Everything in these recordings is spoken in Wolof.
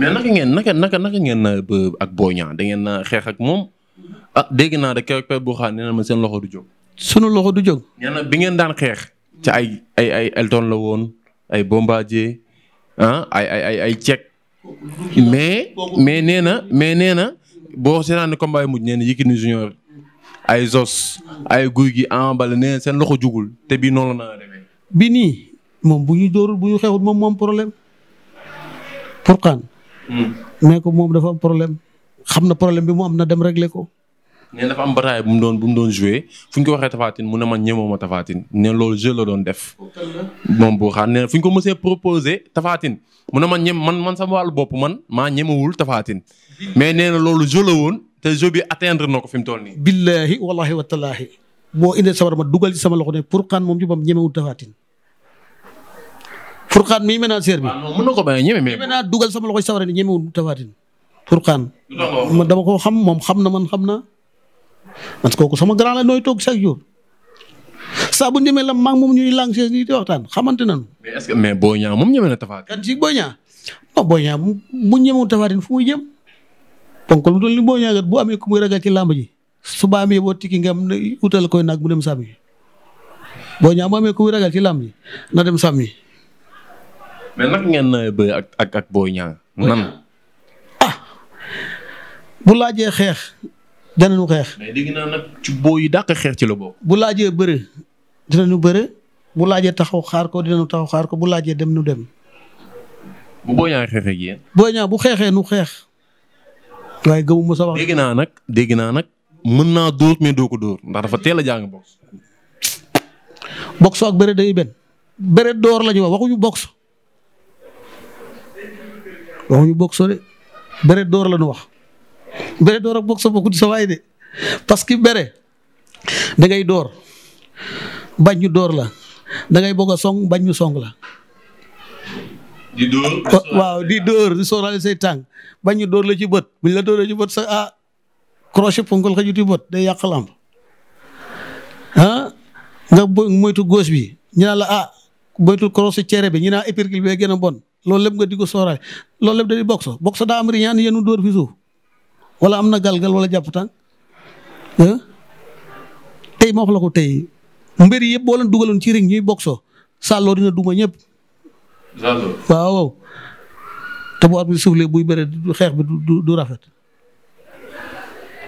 mais naka ngeen naka naka naka ngeen euh, ak Boy Niang da ngeen euh, xeex ak moom ah dégg naa de keroog Père Bourkhane nee na ma seen loxo du jóg. sunu loxo du jóg. bi ngeen daan xeex. ci ay ay ay Elton la woon ay Bombardier ah, ay ay ay ay Cech. mais mais nee na mais nee na boo seetaan ne combat yi mujj nee na Junior ay Zos ay guy gi ambal nee na seen loxo jugul te bii noonu la bi nii moom bu ñu dóorul bu ñu xeexul moom moom problème Bourkhane Mm. ne ko moom dafa problème xam na problème bi mu am na dem réglé ko. ne dafa am bataay bu doon bu mu doon joué fu ñu ko waxee Tapha mun na ma ñemoo ma Tapha Tine ne loolu jeu doon def. moom bu xaar ne ñu ko mësee proposé Tapha mu ne ma ñem man man sama wàllu bopp man maa ñemewul Tapha Tine mais nee na loolu jeu la woon te jeu bi atteindre na ko fi mu toll nii. billaahi wallaahi wataalaahi boo indee sabar ma dugal ci sama loxo ne pour xaan moom ci bam ñemewul Tapha Furqaan mii ménagère bi. waaw mën na ko bañ a ñeme mais. ñeme naa dugal sama tafaatin ma dama ko xam moom xam na man xam naa. parce que sama grand la toog chaque jour. saa bu ñeme la maa ñuy lang seen nii di xamante nañu. mais est-ce moom ñeme na tafaatin. kan ci Boy Niang bu ñemewul tafaatin fu muy jëm. donc lu dul ni Boy Niang bu amee ku muy ragal ci làmb ji su ba amee boo tikki nga am utal koy nag mu dem sàmmi Boy Niang bu amee ku muy ragal ci làmb ji na dem yi mais naka ngeen naa ak ak ak Boy Niang nan. Ah! bu laajee xeex danañu xeex. mais yi dàq xeex ci la bokk. bu laajee bëri dinañu bëri bu laajee taxaw xaar ko dinañu taxaw xaar ko bu laajee dem nu dem. bu booñaa xeexee ak yéen. bu xeexee nu xeex. waaye gëmuma sa wax. dégg naa nag dégg naa nag mën naa dóor mais doo ko dóor ndax dafa teel a jàng box. box ak bëre day benn bëre door lañu ñu wax waxuñu box. waxuñu boxe de bëre door la ñu wax bëre door ak boxe bokkut sa waay de parce que bëre da ngay door bañ yu door la dangay ngay a song bañ ñu song la. di door waaw di door di sóoraale say tànk bañ ñu door la ci bët buñ la dooree ci bët sa ah crochet ponkal xajut ci bët day yàq lamb ah nga moytu gauche bi ñu naan la ah moytu crochet cere bi ñu naan épercule bi gën a bon. loolu lépp nga di ko sooraay lool lépp da di boxe boxe daa am riñaan yenu dóor fi suuf wala am na galgal wala jàpp tànk tey ma wax la ko tey mbir yëpp boo leen dugaloon ci ring ñuy boxe Saaloo dina duma ñëpp. waaw te bu at bi suuf lee buy bëre xeex bi du du rafet.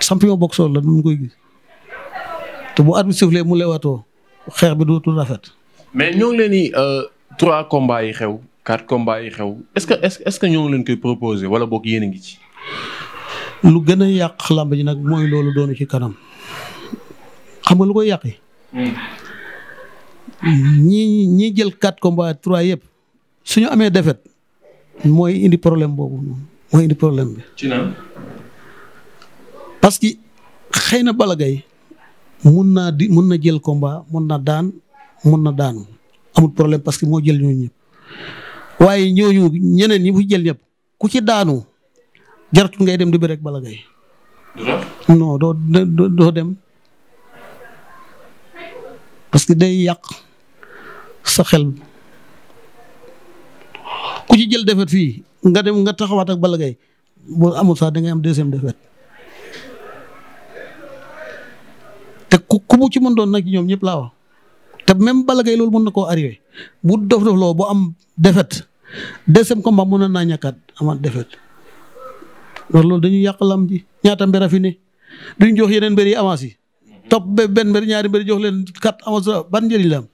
champion boxe la duñ koy gis te bu at bi suuf lee mu lewaatoo xeex bi du rafet. mais ñoo leen ni euh, trois combats yi xew. quatre combats yi xew est-ce que est-ce que ñoo ngi leen koy proposer wala boog yéen a ngi ci. lu gën a yàq làmb ji nag mooy loolu doonu ci kanam xam nga lu koy yàqee. ñi ñi jël quatre combats trois yëpp suñu amee defet mooy indi problème boobu mooy indi problème bi. ci naan. parce que xëy na Balla Gaye mun naa di mun na jël combat mun naa daan mun na daanu amul problème parce que moo jël ñu ñëpp. waaye ñooñu ñeneen ñi bu jël ñëpp ku ci daanu jaratul ngay dem di bëre ak Balla Gaye doo dem parce que day yàq sa xel ku ci jël defet fii nga dem nga taxawaat ak Balla boo amul sax da am deuxième defet te ku ku mu ci mën doon nag ñoom ñëpp laa wax te même Balla Gaye loolu mën na koo arrivé bu dof dof loo bu am defet deuxième combat mënoon naa ñàkkaat amaat défaite loolu loolu dañuy yàq lam ji ñaata mbir fi ne duñ jox yeneen mbir yi avance yi topp benn mbir ñaari mbir jox leen quatre avance ban njëriñ la